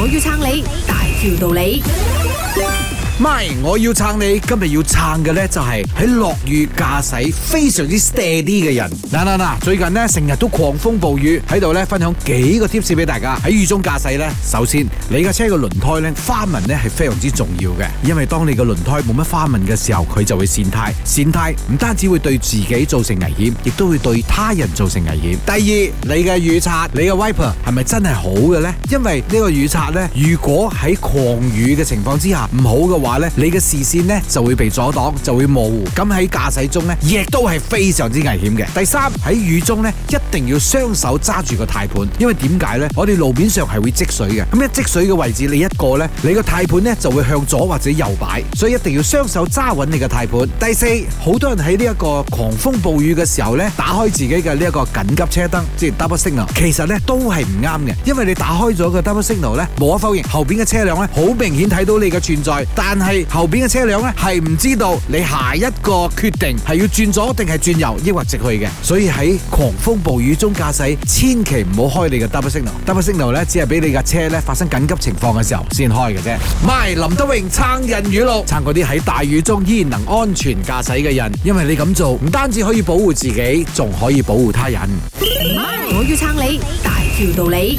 我要撐你，大條道理。MY，我要撐你。今日要撐嘅呢，就係喺落雨駕駛非常之 steady 啲嘅人。嗱嗱嗱，最近呢，成日都狂風暴雨，喺度呢，分享幾個 tips 俾大家。喺雨中駕駛呢，首先你嘅車嘅輪胎呢，花紋呢係非常之重要嘅，因為當你嘅輪胎冇乜花紋嘅時候，佢就會跣胎。跣胎唔單止會對自己造成危險，亦都會對他人造成危險。第二，你嘅雨刷、你嘅 wiper 係咪真係好嘅呢？因為呢個雨刷呢，如果喺狂雨嘅情況之下唔好嘅話，話咧，你嘅視線呢就會被阻擋，就會模糊，咁喺駕駛中呢，亦都係非常之危險嘅。第三，喺雨中呢，一定要雙手揸住個軚盤，因為點解呢？我哋路面上係會積水嘅，咁一積水嘅位置，你一個呢，你個軚盤呢就會向左或者右擺，所以一定要雙手揸穩你嘅軚盤。第四，好多人喺呢一個狂風暴雨嘅時候呢，打開自己嘅呢一個緊急車燈，即係 double signal，其實呢，都係唔啱嘅，因為你打開咗個 double signal 呢，無可否認，後邊嘅車輛呢，好明顯睇到你嘅存在，但但係後邊嘅車輛咧，係唔知道你下一個決定係要轉左定係轉右，抑或直去嘅。所以喺狂風暴雨中駕駛，千祈唔好開你嘅 double signal。double signal 呢只係俾你架車咧發生緊急情況嘅時候先開嘅啫。My 林德榮撐人雨路，撐嗰啲喺大雨中依然能安全駕駛嘅人，因為你咁做唔單止可以保護自己，仲可以保護他人。My 我要撐你，大條道理。